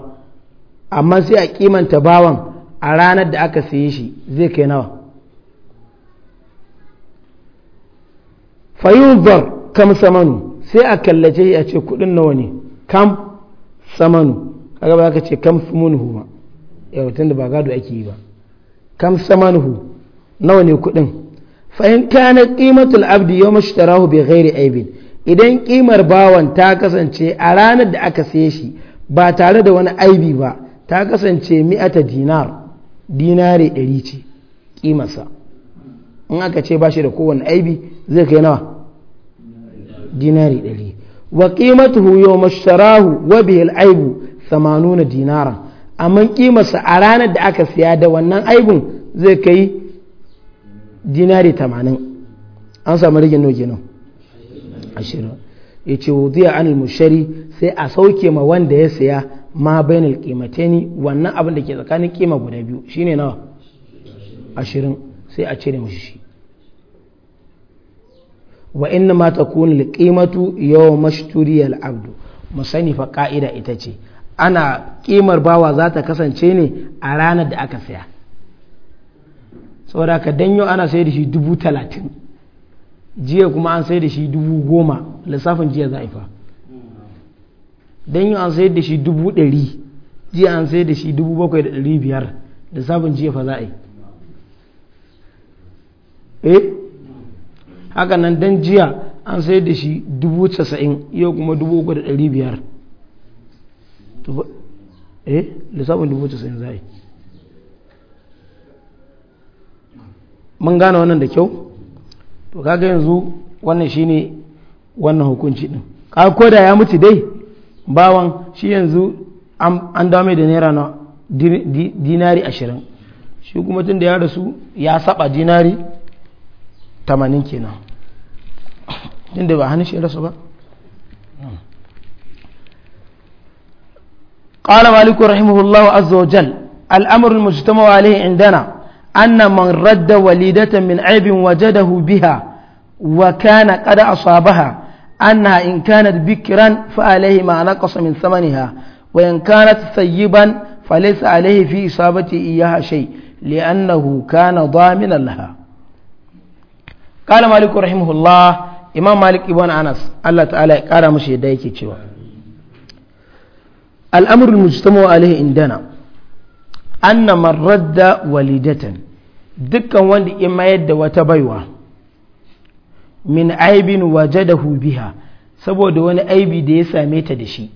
amma sai a kimanta bawan a ranar da aka sayi shi zai kai nawa fayuzar kam samanu sai a kallace ya ce kudin nawa ne kam samanu kaga ba ka ce kam samanu ba yau da ba gado ake yi ba kam samanu nawa ne kudin fahim kana qimatul abdi yawma ishtarahu bi ghairi aibin idan kimar bawan ta kasance a ranar da aka sayi shi ba tare da wani aibi ba ta kasance mi'ata dinar dinare ɗari ce ƙimarsa in aka ce ba shi da kowane aibi zai kai nawa dinare ɗari wa ƙimatuhu yau masharahu wa bihil aibu samanuna dinara, amma ƙimarsa a ranar da aka siya da wannan aibun zai kai dinare tamanin an samu rigin noge nan. ashirin ya ce wuziya an mushari sai a sauke ma wanda ya siya ma bainal ne wannan abin da ke tsakanin kima guda biyu shine nawa ashirin sai a cire mashi shi wa inna ma takunu liqimatu yau mashturi al abdu musani fa ƙa'ida ita ce ana kimar bawa za ta kasance ne a ranar da aka saya saboda ka danyo ana sai da shi dubu talatin jiya kuma an sai da shi dubu goma lissafin jiya za a yi fa don yi an sayar da shi dubu ɗari jiya an sayar da shi dubu bakwai da ɗari biyar da sabon jiya fa za a yi eh haka nan don jiya an sayar da shi dubu casa'in yau kuma dubu uku da ɗari biyar eh sabon dubu casa'in za a yi mun gane wannan da kyau to kaga yanzu wannan shine wannan hukunci din ka koda ya mutu dai bawan shi yanzu an dame da naira na dinari ashirin shi kuma tun da ya rasu ya saba dinari tamanin kenan tun da ba hannun shi rasu ba قال مالك رحمه الله عز وجل الأمر المجتمع عليه عندنا أن من رد وليدة من عيب وجده بها وكان قد أصابها أنها إن كانت بكرا فعليه ما نقص من ثمنها وإن كانت ثيبا فليس عليه في إصابته إياها شيء لأنه كان ضامنا لها قال مالك رحمه الله إمام مالك ابن أنس الله تعالى قال مشي دايكي تشوى الأمر المجتمع عليه عندنا أن من رد والدة دكا وند إما يد وتبيوه min aibin wajadahu biha saboda wani aibi da ya same ta da shi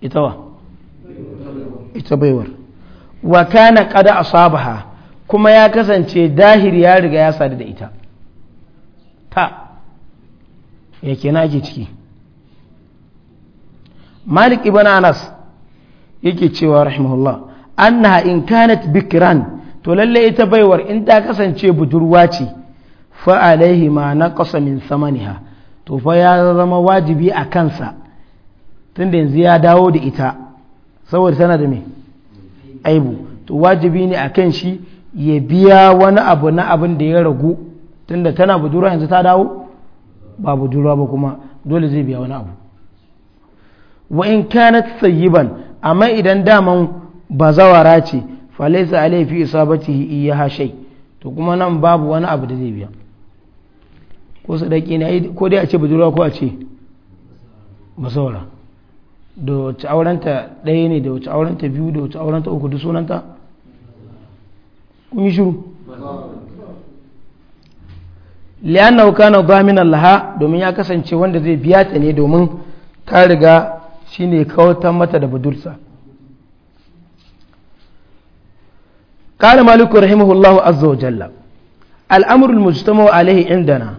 ita wa ita baiwar wa kana qada asabaha kuma ya kasance dahir ya riga ya sadu da ita ta yake na ake ciki malik ibn anas yake cewa rahimahullah annaha in kanat bikran to lalle ita baiwar in ta kasance budurwa ce fa’alaihi ma na ƙasa min samaniha to fa ya zama wajibi a kansa tun da yanzu ya dawo da ita saboda tana da me aibu to wajibi ne a kan shi ya biya wani abu na abin da ya ragu tunda tana budurwa yanzu ta dawo ba budurwa ba kuma dole zai biya wani abu wa in kana tsayiban amma idan daman zawara ce falaisa alaifi isabatihi iyaha shay to kuma nan babu wani abu da zai biya ko sadaki yi ko dai a ce budurwa ko a ce masaura da wacce aurenta ɗaya ne da wacce aurenta biyu da wacce aurenta uku da sunanta kun yi shiru liyanna kana zaminan laha domin ya kasance wanda zai biya ta ne domin ta riga shine kawatan mata da budursa قال مالك Azza wa عز وجل الأمر المجتمع عليه indana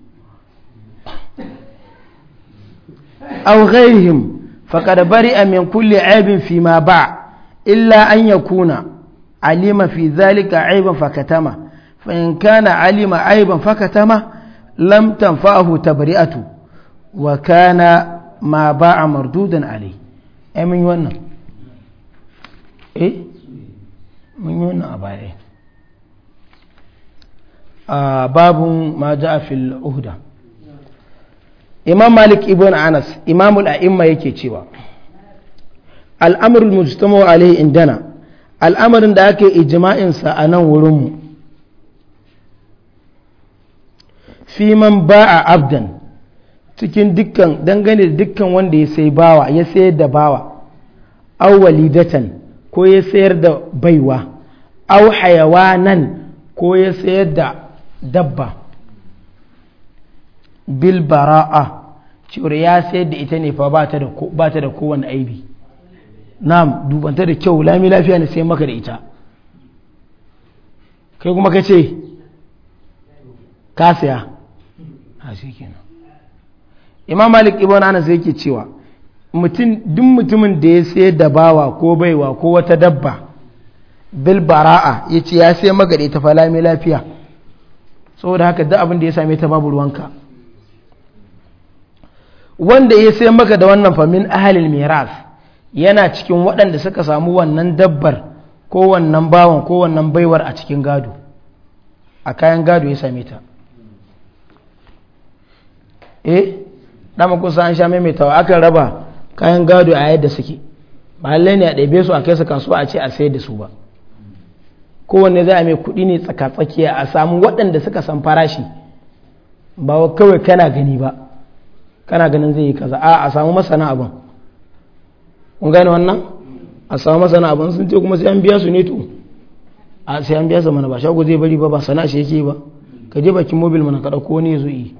aw ghairihim faqad bari'a min kulli aibin fi ma illa an yakuna alima fi dhalika aiban fakatama fa in kana alima aiban fakatama lam tanfa'ahu tabri'atu wa kana ma ba'a mardudan alai imam malik ibn anas imamul a'imma yake cewa al'amarul mujtama alaihi indana al'amarin da ake sa a nan wurinmu fi man ba'a abdan cikin dukkan dangane da dukkan wanda ya sai bawa ya sayar da bawa aw walidatan ko ya sayar da baiwa aw hayawanan ko ya sayar da dabba bil bara'a cewar ya sayar da ita ne fa ba ta da kowane aibi na'am dubanta da kyau lami lafiya ne sai maka da ita kai kuma ka ce ka saya a shi kenan imam malik ibn anas yake cewa mutum duk mutumin da ya sayar da bawa ko baiwa ko wata dabba bil bara'a yace ya sayar maka da ita fa lami lafiya saboda haka duk abin da ya same ta babu ruwanka wanda ya sai maka da wannan famin ahalil miras yana cikin waɗanda suka samu wannan dabbar ko wannan bawan ko wannan baiwar a cikin gado a kayan gado ya same ta eh dama kusa an sha maimaitawa aka raba kayan gado a yadda suke ba lallai ne a ɗaibe su a kai su kasuwa a ce a sayar da su ba kowanne za a mai kuɗi ne tsakatsakiya a samu waɗanda suka san farashi ba kawai kana gani ba kana ganin zai yi kaza a a samu masana abin kun gane wannan a samu masana abin sun ce kuma sai an biya su ne to a sai an biya su mana ba shago zai bari ba ba sana shi yake ba ka je bakin mobil mana ka dauko ne zo yi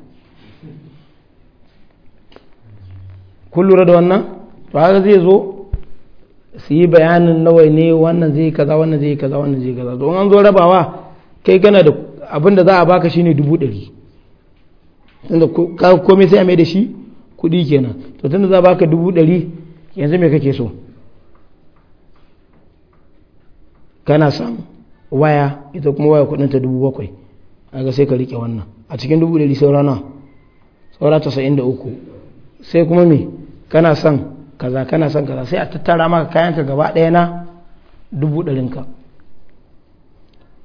kun lura da wannan to haka zai zo su yi bayanin nawa ne wannan zai kaza wannan zai kaza wannan zai kaza don an zo rabawa kai kana da abin da za a baka shine dubu ɗari tunda komai sai a mai da shi kuɗi kenan to tunda za baka dubu ɗari yanzu me kake so kana samu waya ita kuma waya kudin ta dubu bakwai aga sai ka rike wannan a cikin dubu ɗari saurana saura tasa'in da uku sai kuma me kana son kaza kana son kaza sai a tattara maka kayan ka gaba ɗaya na dubu ɗarinka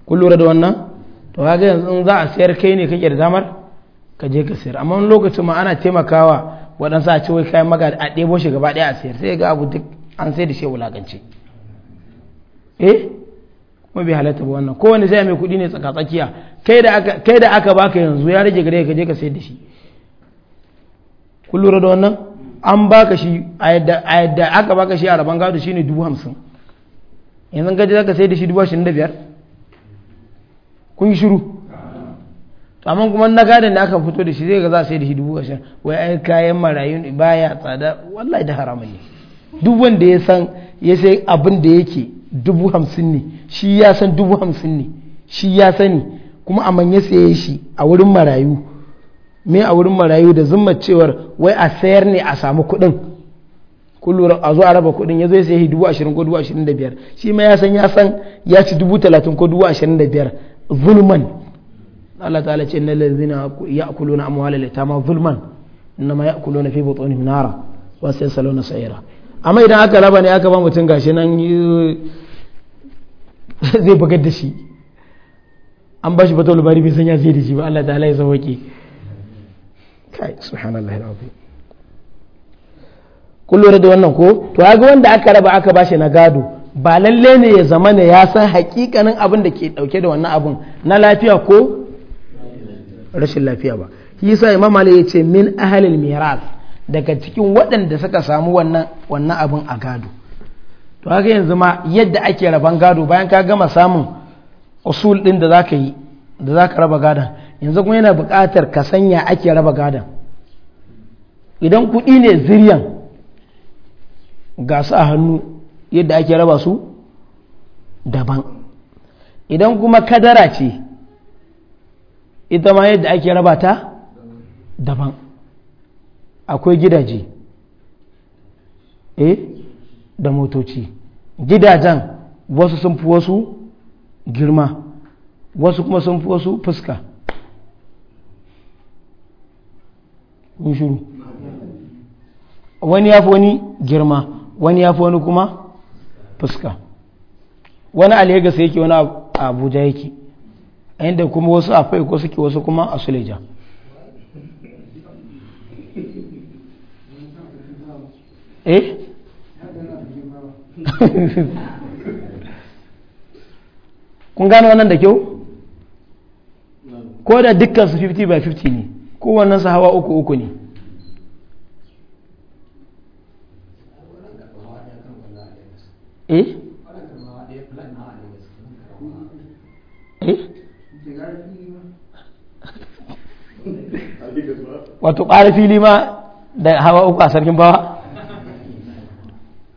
kun lura da wannan to haka yanzu za a sayar kai ne kake da damar ka je ka sayar amma wani lokacin ma ana taimakawa waɗansu a ce wai kayan maga a ɗebo shi gaba ɗaya a sayar sai ga abu duk an sai da shi wulakance eh kuma bai halatta ba wannan kowane sai mai kuɗi ne tsaka tsakiya kai da aka baka yanzu ya rage gare ka je ka sayar da shi kun lura da wannan an baka shi a yadda aka baka shi a rabon gado shi ne dubu hamsin yanzu gaji za ka sayar da shi dubu ashirin da biyar kun yi shiru amma kuma na gadon da aka fito da shi zai ga za sai da shi dubu ashirin wai ai kayan marayun baya tsada wallahi da haramun ne duk wanda ya san ya sai abin da yake dubu hamsin ne shi ya san dubu hamsin ne shi ya sani kuma a manya saye shi a wurin marayu me a wurin marayu da zumma cewar wai a sayar ne a samu kuɗin kullum a zo a raba kuɗin ya zo ya shi dubu ashirin ko dubu ashirin da biyar shi ma ya san ya san ya ci dubu talatin ko dubu ashirin da biyar zulman Allah ta'ala ce innal ladzina ya'kuluna amwalal yatama zulman innama ya'kuluna fi butunihim nara wa sayasaluna sa'ira amma idan aka raba ne aka ba mutum gashi nan zai bugar da shi an ba shi fatul bari bai sanya zai da shi ba Allah ta'ala ya sauke kai subhanallahi alazim kun lura da wannan ko to ga wanda aka raba aka ba shi na gado ba lalle ne ya zama ne ya san hakikanin abin da ke dauke da wannan abin na lafiya ko rashin lafiya ba shi yasa imam malik ya ce min ahalil miras daga cikin waɗanda suka samu wannan wannan abin a gado to haka yanzu ma yadda ake raban gado bayan ka gama samun usul din da zaka yi da zaka raba gadon yanzu kuma yana buƙatar ka sanya ake raba gadon idan kuɗi ne ziryan ga su a hannu yadda ake raba su daban idan kuma kadara ce ita ma yadda ake raba ta daban akwai gidaje eh da motoci gidajen wasu sun fi wasu girma wasu kuma sun fi wasu fuska wani ya fi wani girma wani ya fi wani kuma fuska wani a lagos yake wani abuja yake inda kuma wasu a ko suke wasu kuma a suleja eh kun gano wannan da kyau ko da dukkan su 50 by 50 ne kowannen su hawa uku uku ne eh wato ƙwari fili ma da hawa uku a sarkin bawa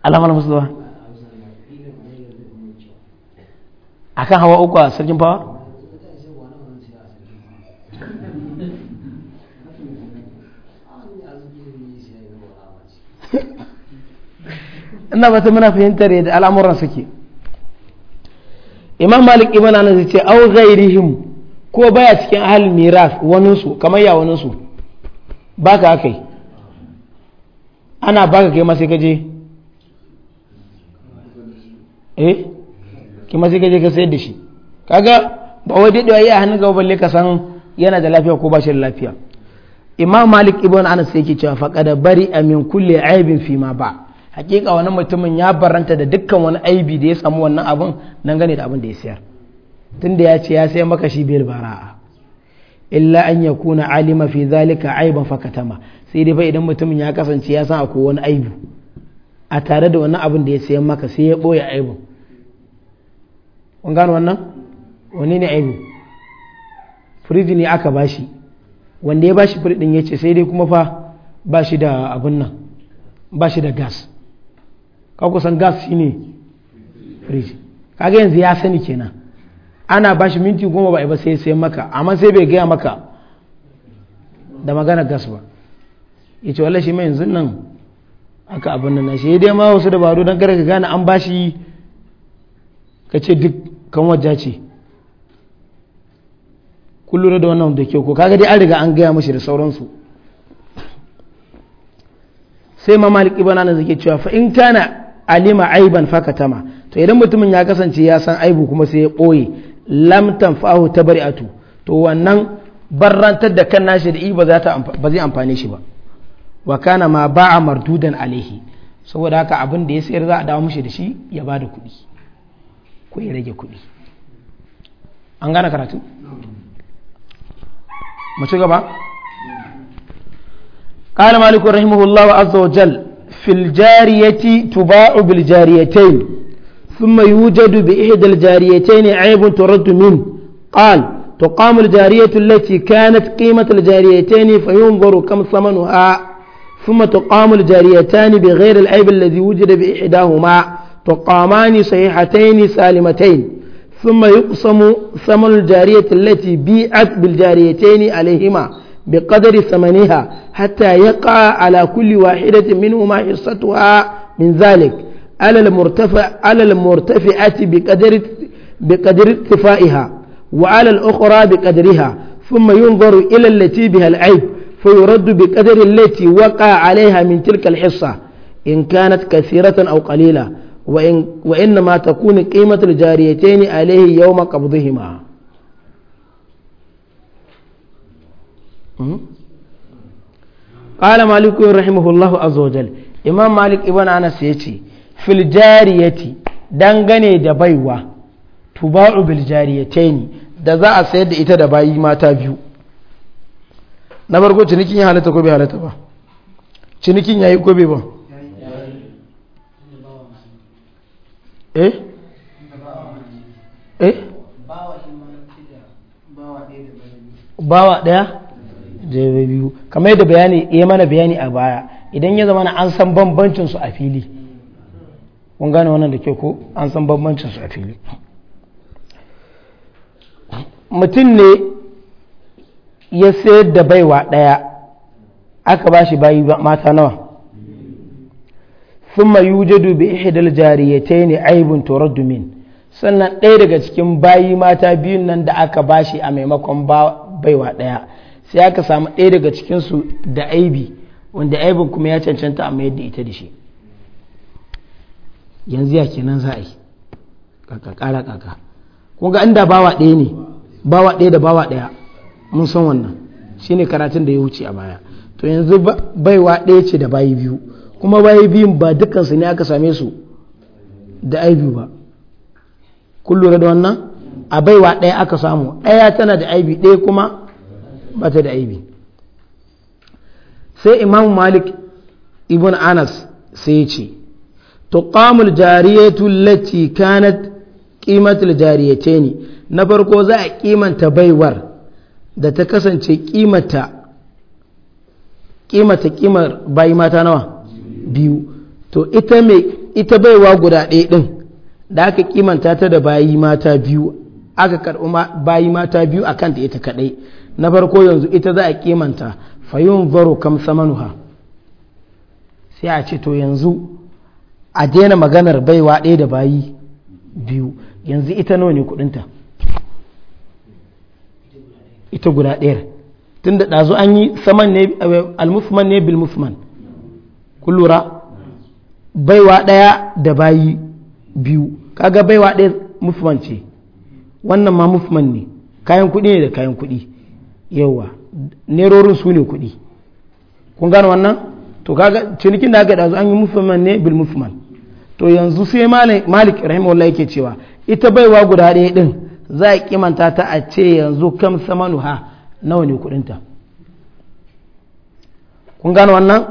alamar musulwa a kan hawa uku a sarkin bawa ina ba ta muna fahimtar yadda al'amuran suke imam malik ibn anas ce au ghairihim ko baya cikin ahal miras waninsu kamar ya waninsu ba ka haka ana baka kai masu gaje eh ki masu gaje ka sayar da shi kaga ba wai wa yi a hannun gaba balle ka san yana da lafiya ko ba shi da lafiya imam malik ibn anas ke cewa faqada bari amin kulli aibin fi ma ba hakika wani mutumin ya baranta da dukkan wani aibi da ya samu wannan abun nan gane da abin da ya sayar tunda ya ce ya sai maka shi biyar bara'a illa an ya kuna alima fi zalika aiban fakatama sai dai fa idan mutumin ya kasance ya san akwai wani aibu a tare da wannan abin da ya sayan maka sai ya ɓoye Aibu. kun gano wannan wani ne aibu firiji ne aka bashi wanda ya bashi firidin ya ce sai dai kuma fa ba shi da abin nan ba shi da gas ka kusan gas shine firiji kaga yanzu ya sani kenan ana ba shi minti goma ba ba sai sai maka amma sai bai gaya maka da magana gas ba ya ce wallashi mai yanzu nan aka abin nan shi dai ma wasu dabaru don kada ka gane an ba shi ka ce duk kan wajja ce kullum da wannan da kyau ko kaga dai an riga an gaya mashi da sauransu sai ma malik bana nan zake cewa fa in kana alima aiban fakatama to idan mutumin ya kasance ya san aibu kuma sai ya boye lam tanfa'ahu tabri'atu to wannan barrantar da kan nashi da ba za ba zai amfane shi ba wa kana ma ba'a mardudan alaihi saboda haka abin da ya sayar za a dawo mishi da shi ya bada kuɗi ko ya rage kuɗi an gane karatu mu ci gaba قال مالك رحمه الله عز وجل في الجارية تباع بالجاريتين ثم يوجد بإحدى الجاريتين عيب ترد منه قال تقام الجارية التي كانت قيمة الجاريتين فينظر كم ثمنها ثم تقام الجاريتان بغير العيب الذي وجد بإحداهما تقامان صحيحتين سالمتين ثم يقسم ثمن الجارية التي بيعت بالجاريتين عليهما بقدر ثمنها حتى يقع على كل واحدة منهما حصتها من ذلك على المرتفع على المرتفعة بقدر بقدر ارتفاعها وعلى الأخرى بقدرها ثم ينظر إلى التي بها العيب فيرد بقدر التي وقع عليها من تلك الحصة إن كانت كثيرة أو قليلة وإن وإنما تكون قيمة الجاريتين عليه يوم قبضهما قال مالك رحمه الله عز وجل إمام مالك ابن أنس يتي filjariyati jariyati dangane da baiwa tuba'u bil jariyataini da za a sayar da ita da bayi mata biyu na farko cinikin ya halatta ko bai halatta ba cinikin yayi ko bai ba eh eh bawa daya da biyu kamar yadda bayani ya mana bayani a baya idan ya zama an san bambancin su a fili kun gane wannan da ke ko an san bambancin su a fili mutum ne ya sayar da baiwa ɗaya aka ba shi bayi mata nawa thumma yujadu bi ihdal ne aibin torar domin. sannan ɗaya daga cikin bayi mata biyun nan da aka ba shi a maimakon baiwa ɗaya sai aka samu ɗaya daga cikinsu da aibi wanda aibin kuma ya cancanta a mayar da ita da shi yanzu ya kenan za a yi kaka kara kaka inda bawa ɗaya ne bawa ɗaya da bawa ɗaya mun san wannan shi ne karatun da ya wuce a baya to yanzu baiwa ɗaya ce da bayi biyu kuma bayi biyun ba dukansu ne aka same su da biyu ba kun da wannan a baiwa ɗaya aka samu ɗaya tana da aibi ɗaya kuma bata da aibi sai imam malik ibn anas sai ya ce تقام الجارية التي كانت قيمة الجاريتين نفرقو زاء قيمة بيور دا تكسن kasance قيمة قيمة قيمة باي ما تانوا بيو تو اتمي mai واغودا ايدن guda ɗaya ɗin da aka kimanta ta da bayi aka karɓi bayi mata biyu a kanta ita kaɗai na farko yanzu ita za a kimanta fayin zaro kam samanuha sai a ce to yanzu a daina maganar baiwa ɗaya da bayi biyu yanzu ita nawa ne kudinta ita guda ɗaya tun da ɗazu an yi saman ne eh, almusman ne bil musman lura baiwa ɗaya da bayi biyu kaga baiwa ɗaya musman ce wannan ma musman ne kayan kuɗi ne da kayan kuɗi yawa nerorin su ne kuɗi kun gane wannan to kaga cinikin da aka dazu an yi mufman ne bil mufman to yanzu sai malik rahimahullah yake cewa ita baiwa guda ɗaya din za a kimanta ta a ce yanzu kam samanuha nawa ne ta kun gano wannan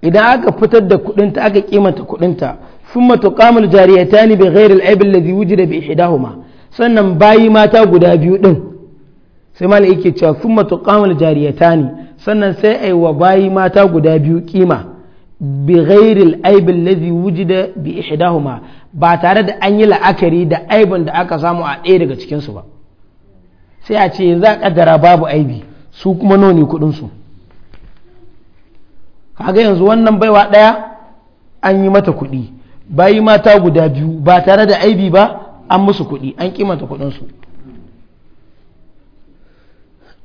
idan aka fitar da ta aka kimanta ta sun tuqamul jariyatani bi al-ayb da wujida bi ihdahuma sannan bayi mata guda biyu din sai malik yake cewa sun tuqamul jariyatani sannan sai a yi wa bayi mata guda biyu kima bi ghairil aibin lazi wujida bi ihdahuma ba tare da an yi la'akari da aibin da aka samu a ɗaya daga cikinsu ba sai a ce za a kaddara babu aibi su kuma noni kuɗinsu kaga yanzu wannan baiwa ɗaya an yi mata kuɗi bayi mata guda biyu ba tare da aibi ba an musu kuɗi an kimanta kuɗinsu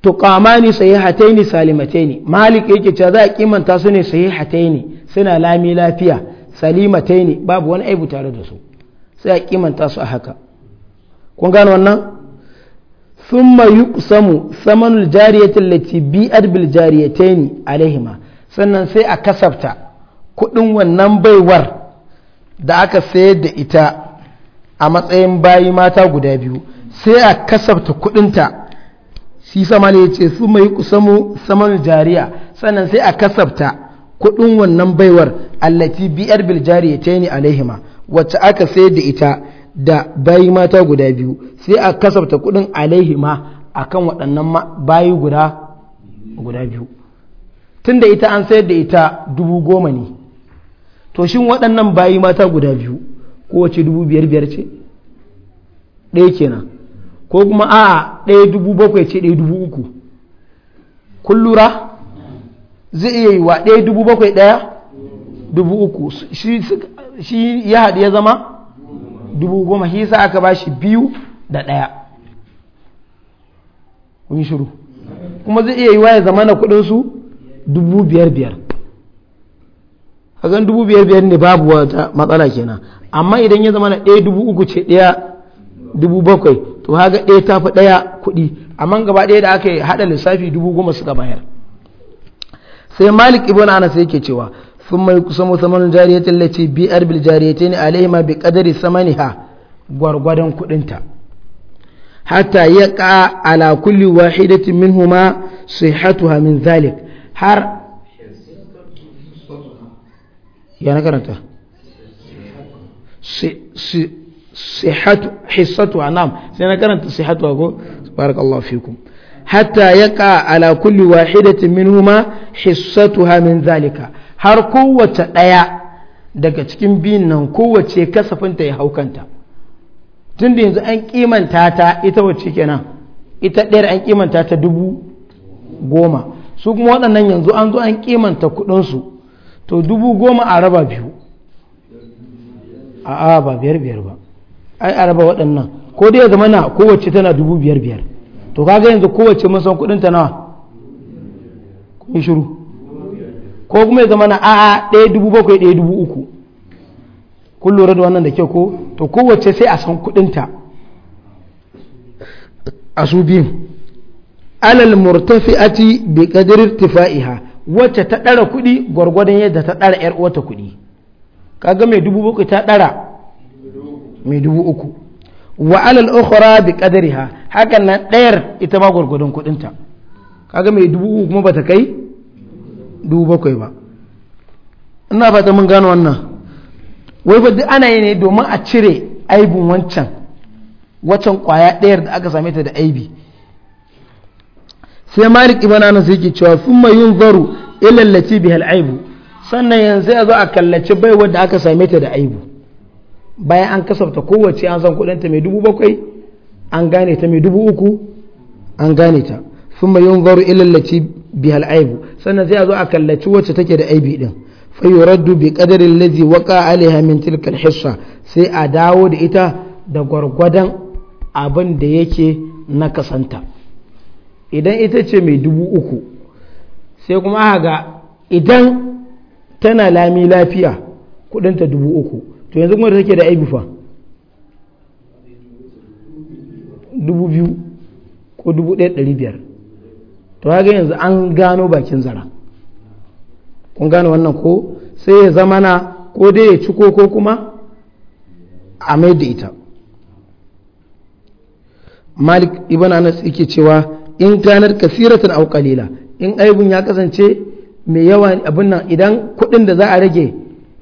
tuqamani sahihataini salimataini malik yake cewa za a kimanta su ne sahihataini suna lami lafiya salimataini babu wani aibu tare da su sai a kimanta su a haka kun gano wannan thumma yuqsamu thamanul jariyati allati bi'at bil jariyataini alaihima sannan sai a kasafta kudin wannan baiwar da aka sayar da ita a matsayin bayi mata guda biyu sai a kasafta kudinta shi sama ne ce su mai kusamu saman jariya sannan sai a kasafta kudin wannan baiwar allati biyar bil jariya ta yi alaihima wacce aka sayar da ita da bayi mata guda biyu sai a kasafta kudin alaihima kan waɗannan bayi guda guda biyu tun da ita an sayar da ita dubu goma ne to shin waɗannan bayi mata guda biyu kowace dubu biyar biyar ce ɗaya kenan ko kuma a'a ɗaya dubu bakwai ce ɗaya dubu uku kun lura zai iya yi wa ɗaya dubu bakwai ɗaya dubu uku shi ya haɗu ya zama dubu goma shi sa aka ba shi biyu da ɗaya kun shiru kuma zai iya yi wa ya zama na kuɗinsu dubu biyar biyar hagan dubu biyar biyar ne babu wata matsala kenan amma idan ya zama na ɗaya dubu uku ce ɗaya dubu bakwai to haga ɗaya ta fi ɗaya kuɗi amma gaba ɗaya da aka yi haɗa lissafi dubu goma suka bayar sai malik ibn anas yake cewa sun mai kusan musamman jariyatin lati biyar bil jariyatin ma bi qadari samaniha gwargwadon kuɗinta hatta ya ka ala kulli wahidatin minhuma sihhatuha min zalik har ya na karanta sihatu hissatu anam sai na karanta sihatu ko barakallahu fikum hatta yaqa ala kulli wahidatin minhuma hissatuha min zalika har kowace daya daga cikin biyun nan kowace kasafinta ya haukanta tun da yanzu an kimanta ta ita wacce kenan ita ɗayar an kimanta ta dubu goma su kuma waɗannan yanzu an zo an kimanta kuɗinsu to dubu goma a raba biyu a ba biyar biyar ba ai a raba waɗannan ko dai ya zama na kowace tana dubu biyar biyar to kaga yanzu kowace masan kudin ta nawa kuma shiru ko kuma ya zama na a'a ɗaya dubu bakwai ɗaya dubu uku kun lura da wannan da kyau ko to kowace sai a san kudin ta a su biyun alal murtafi murtafi'ati bi kadirin tifa'iha wacce ta ɗara kuɗi gwargwadon yadda ta ɗara 'yar uwata kuɗi kaga mai dubu bakwai ta ɗara mai dubu uku wa alal ukhra bi qadriha hakan nan ɗayar ita ma gwargwadon kuɗinta kaga mai dubu uku kuma bata kai dubu bakwai ba ina fata mun gano wannan wai fa duk ana yi ne domin a cire aibin wancan wacan kwaya ɗayar da aka same ta da aibi sai malik ibn anas yake cewa thumma yunzaru ila allati bihal aibu sannan yanzu ya zo a kallaci baiwar da aka same ta da aibu bayan an kasafta kowace an san kudinta mai dubu bakwai an gane ta mai dubu uku an gane ta sun mai yin zaru ilallaci bihal aibu sannan zai a zo a kallaci wacce take da aibi din fayuraddu bi laji lazi waqa alaiha min tilka hissa sai a dawo da ita da gwargwadon abin da yake na kasanta idan ita ce mai dubu uku sai kuma ga idan tana lami lafiya kudinta dubu uku to yanzu kuma da take da aibu fa dubu biyu ko dubu ɗaya ɗari biyar to haka yanzu an gano bakin zara kun gano wannan ko sai ya zama na ko dai ya ciko ko kuma a mai da ita malik ibn anas yake cewa in kanar kasiratan aukalila in aibun ya kasance mai yawa abin nan idan kuɗin da za a rage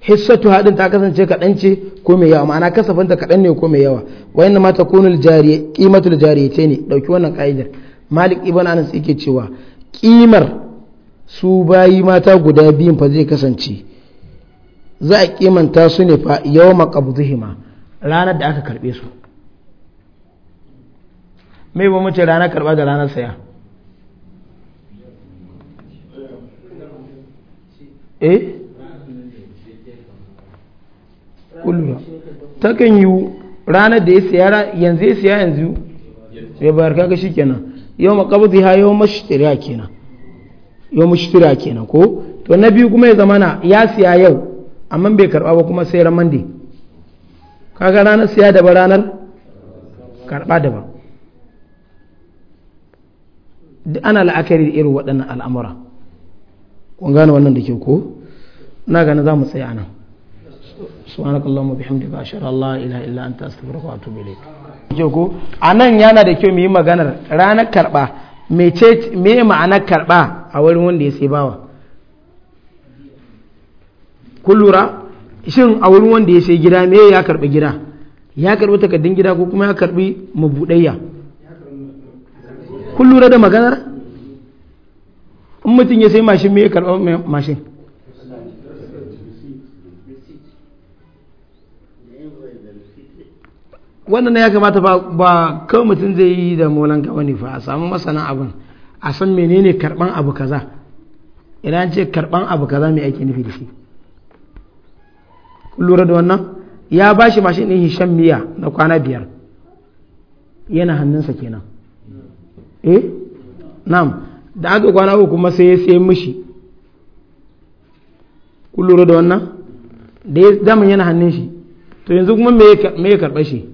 hissatu hadin ta kasance kaɗan ce ko mai yawa ma'ana kasafin ta kaɗan ne ko mai yawa wayan inna ma takunu jariye jariya qimatu al ne dauki wannan ka'idar malik ibn anas yake cewa kimar su bayi mata guda biyun fa zai kasance za a kimanta su ne fa yau qabdihima ranar da aka karbe su mai ba mace ranar karba da ranar saya eh kullum takan yi ranar da ya siya yanzu ya siya yanzu ya bayar kaga shi kenan yau makabdi ha yau mashtira kenan yau mashtira kenan ko to na biyu kuma ya zama na ya siya yau amma bai karba ba kuma sai ran mandi kaga ranar siya da ranar karba daban duk ana la'akari da irin waɗannan al'amura kun gane wannan da ke ko na gane za mu tsaya nan allahumma bihamdika ashhadu an la ilaha illa anta astaghfiruka wa atubu ilayk jago anan yana da kyau mu yi maganar ranar karba mece me ma'anar karba a wurin wanda ya sai bawa kun lura shin a wurin wanda ya sai gida me ya karbi gida ya karbi takardun gida ko kuma ya karbi mabudayya kun lura da maganar in mutum ya sai mashin me ya karba mashin wannan ya kamata ba kawai mutum zai yi da molan gaba ne fa a samu masana abin a san menene karban abu kaza idan ce karban abu kaza mai ake nufi da shi lura da wannan ya ba shi mashin ɗin hisham miya na kwana biyar yana hannunsa kenan eh nam da aka kwana uku kuma sai ya sayi mishi lura da wannan da ya zama yana hannun shi to yanzu kuma me ya karɓa shi